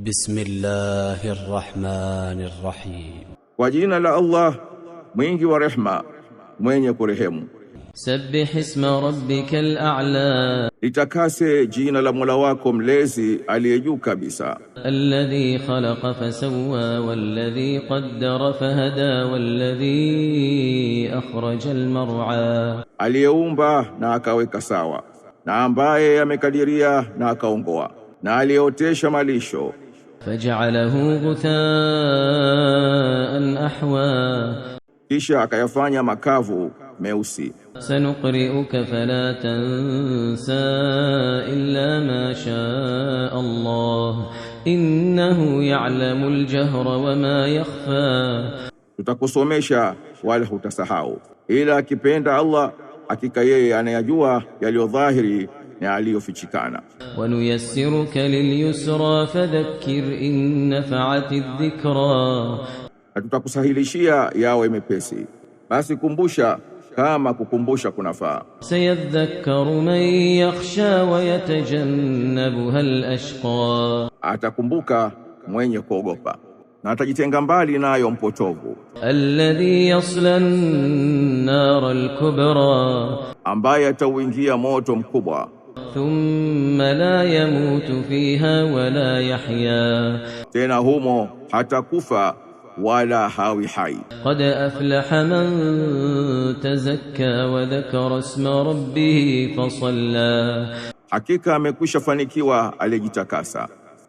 Bismillahi rrahmani rrahim, kwa jina la Allah mwingi wa rehma mwenye kurehemu. Sabbih isma rabbikal a'la, litakase jina la Mola wako mlezi aliye juu kabisa. Alladhi khalaqa fasawwa walladhi qaddara fahada walladhi akhraja almar'a, aliyeumba na akaweka sawa na ambaye amekadiria na akaongoa na aliyeotesha malisho فجعله غثاء أحوى kisha akayafanya makavu meusi. sanuqri'uka fala tansa illa ma shaa Allah innahu ya'lamu al-jahra wa ma yakhfa, tutakusomesha wala hutasahau, ila akipenda Allah, hakika yeye anayajua yaliyo dhahiri na aliyofichikana. Wanuyassiruka lilyusra fadhakkir in nafa'ati dhikra, na tutakusahilishia yawe mepesi, basi kumbusha kama kukumbusha kunafaa. Sayadhakkaru man yakhsha wa yatajannabuha alashqa, atakumbuka mwenye kuogopa na atajitenga mbali nayo mpotovu. Alladhi yasla nar al-kubra, ambaye atauingia moto mkubwa thumma la yamutu fiha wala yahya, tena humo hatakufa wala hawi hai. Qad aflaha man tazakka wa dhakara isma rabbih fasalla, hakika amekwisha fanikiwa aliyejitakasa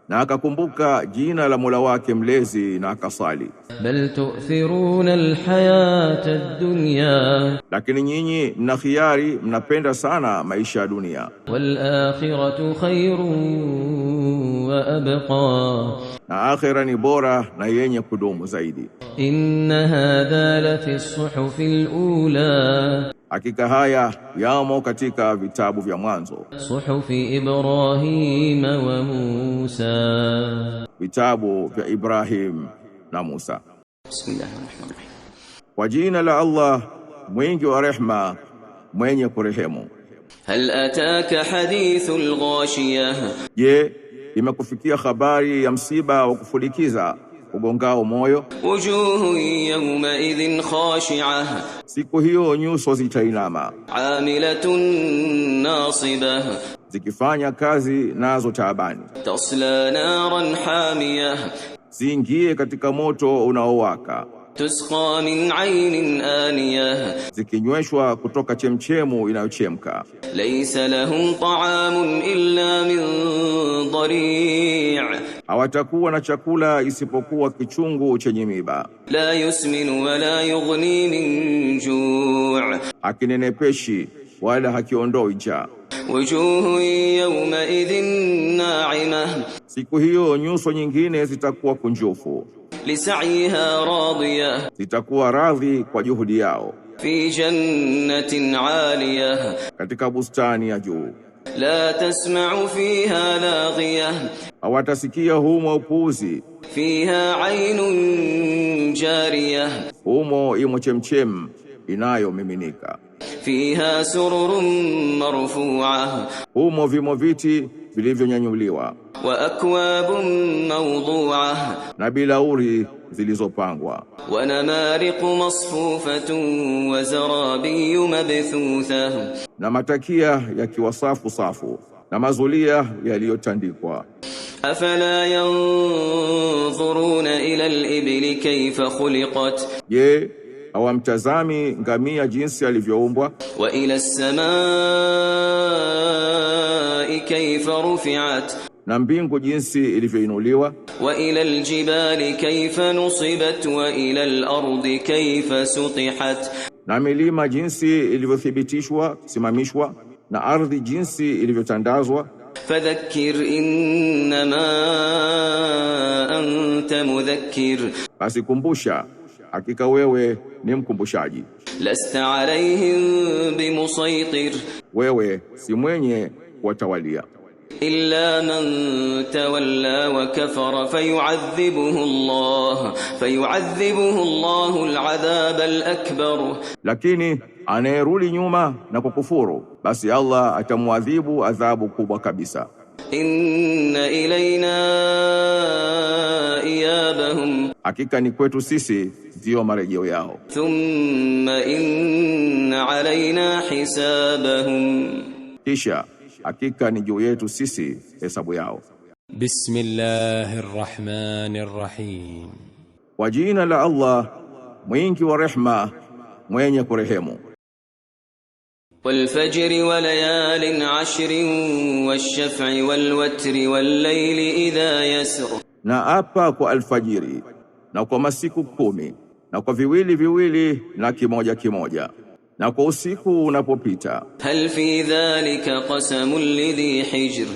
na akakumbuka jina la Mola wake mlezi na akasali. Bal tu'thiruna alhayata ad-dunya, lakini nyinyi mna khiari, mnapenda sana maisha ya dunia. Wal akhiratu khairun wa abqa, na akhira ni bora na yenye kudumu zaidi. Inna hadha la fi as-suhufi al-ula Hakika haya yamo katika vitabu vya mwanzo. Suhufi Ibrahim wa Musa, vitabu vya Ibrahim na Musa. Bismillahirrahmanirrahim. Kwa jina la Allah mwingi wa rehma mwenye kurehemu. Hal ataka hadithul ghashiyah, je, imekufikia habari ya msiba wa kufulikiza ugongao moyo. Wujuhu yawma idhin khashi'a, siku hiyo nyuso zitainama. Amilatun nasiba zikifanya kazi nazo taabani. Tasla naran hamiyah, ziingie katika moto unaowaka. Tusqa min aynin aniya, zikinyweshwa kutoka chemchemu inayochemka. Laysa lahum ta'amun illa min dhari' hawatakuwa na chakula isipokuwa kichungu chenye miba. La yusminu wa yughni min ju', hakinenepeshi wala hakiondoi njaa. Wujuhu yawma idhin na'ima, siku hiyo nyuso nyingine zitakuwa kunjufu. Lisaiha radiya, zitakuwa radhi kwa juhudi yao. Fi jannatin 'aliya, katika bustani ya juu. La tasma'u fiha laghiya hawatasikia humo upuuzi. Fiha aynun jariya, humo imo chemchem inayomiminika. Fiha sururun marfua, humo vimo viti vilivyonyanyuliwa. Wa akwabun mawdua, na bilauri zilizopangwa. Wa namariqu masfufatun wa zarabiyu mabthutha, na matakia yakiwa safu safu na mazulia yaliyotandikwa afala yanzuruna ila al-ibli kayfa khuliqat, je, hawamtazami ngamia jinsi alivyoumbwa? Wa ila as-samai rufi'at, na mbingu jinsi ilivyoinuliwa. Wa ila al-jibali nusibat wa ila al-ardi sutihat, na milima jinsi ilivyothibitishwa simamishwa, na ardhi jinsi ilivyotandazwa Fadhakkir basi kumbusha, hakika wewe ni mkumbushaji. Lasta alayhim bimusaitir, wewe si mwenye kuwatawalia. إلا من تولى وكفر فيعذبه الله فيعذبه الله العذاب الأكبر lakini anayerudi nyuma na kukufuru basi Allah atamwadhibu adhabu kubwa kabisa inna ilaina iyabahum, hakika ni kwetu sisi ndiyo marejeo yao. Thumma inna alaina hisabahum, kisha hakika ni juu yetu sisi hesabu yao. Bismillahirrahmanirrahim, kwa jina la Allah mwingi wa rehma mwenye kurehemu. Wal fajri wa layalin ashrin wash-shaf'i wal watri wal layli idha yasr, na apa kwa alfajiri na kwa masiku kumi na kwa viwili viwili na kimoja kimoja na kwa usiku unapopita. hal fi dhalika qasamul lidhi hijr,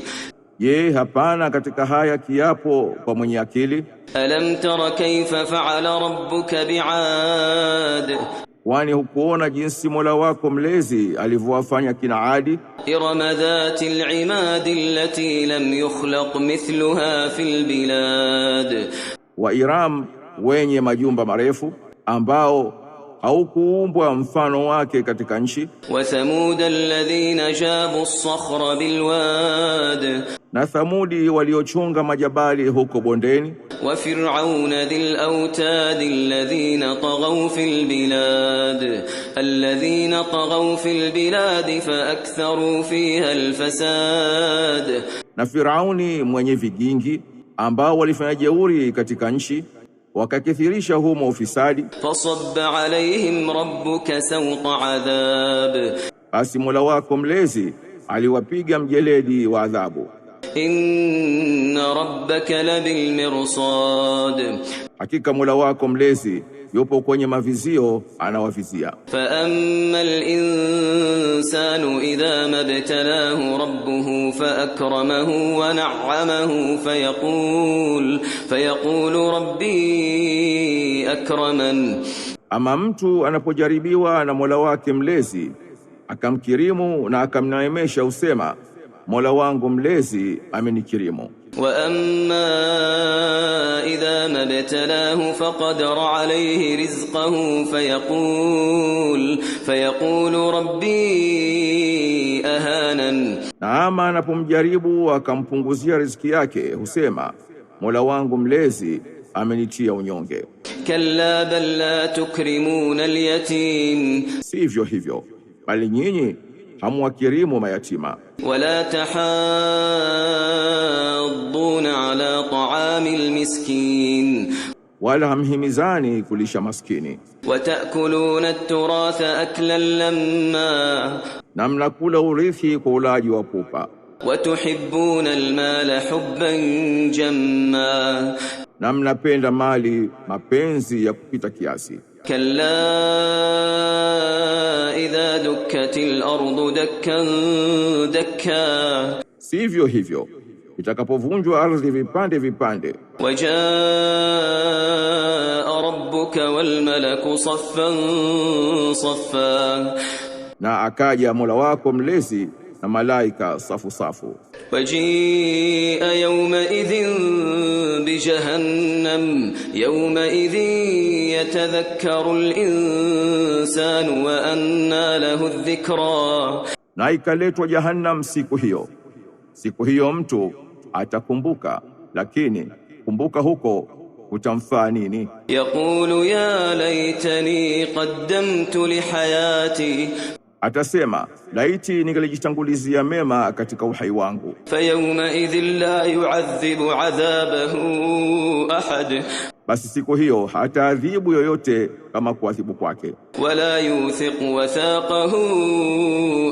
je, hapana katika haya kiapo kwa mwenye akili. alam tara kayfa fa'ala rabbuka bi'ad, kwani hukuona jinsi Mola wako mlezi alivyowafanya kina Adi. irama dhatil imad allati lam yukhlaq mithluha fil bilad, wa Iram wenye majumba marefu ambao au kuumbwa mfano wake katika nchi. wa thamud alladhina jabu as-sakhra bilwad, na Thamudi waliochunga majabali huko bondeni. wa fir'auna dhil awtad alladhina taghaw fil bilad alladhina taghaw fil bilad fa aktharu fiha alfasad, na Firauni mwenye vigingi ambao walifanya jeuri katika nchi wakakithirisha humo ufisadi. Fasabba alaihim rabbuka sawta adhab, basi Mola wako mlezi aliwapiga mjeledi wa adhabu. Inna rabbaka labil mirsad, hakika Mola wako mlezi yupo kwenye mavizio anawavizia. fa amma al-insanu idha mabtalahu rabbuhu fa akramahu wa na'amahu fa yaqul fa yaqulu rabbi akraman, ama mtu anapojaribiwa na Mola wake mlezi akamkirimu na akamnaemesha, usema Mola wangu mlezi amenikirimu. wa amma وما ابتلاه فقدر عليه رزقه فيقول فيقول ربي أهانن na ama anapomjaribu akampunguzia riziki yake husema Mola wangu mlezi amenitia unyonge. Kalla bal la tukrimuna alyatim, sivyo hivyo bali nyinyi hamwakirimu mayatima. Wala tahadduna ala ta'amil miskin, wala hamhimizani kulisha maskini. Watakuluna at-turatha aklan lamma, na mnakula urithi kwa ulaji wa pupa. Watuhibbuna al hubban jamma, na mnapenda mali mapenzi ya kupita kiasi. كلا إذا دكت الأرض دكا دكا سيفيو هيفيو وجاء ربك والملك صفا صفا نا أكاد يا ملواكم ليسي ملائكة صفو صفو وجيء يومئذ بجهنم يومئذ يتذكر al-insanu له الذكرى na ikaletwa Jahannam siku hiyo. Siku hiyo mtu atakumbuka, lakini kumbuka huko utamfaa nini? Yaqulu ya laitani qaddamtu lihayati, atasema laiti ningalijitangulizia mema katika uhai wangu. Fa idhin la yu'adhibu adhabahu ahad, basi siku hiyo hataadhibu yoyote kama kuadhibu kwake. Wala yuthiq wathaqahu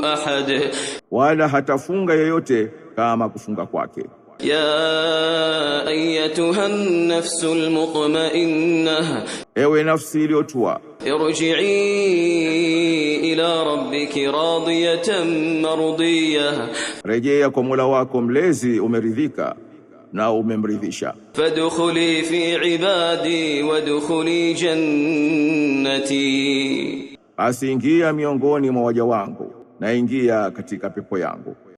ahad, wala hatafunga yoyote kama kufunga kwake. Ya ayyatuha nafsu almutmainna, ewe nafsi iliyotua, irji'i ila rabbiki radiyatan mardiya, rejea kwa Mola wako mlezi umeridhika na umemridhisha. Fadkhuli fi ibadi wadkhuli jannati, basi ingia miongoni mwa waja wangu na ingia katika pepo yangu.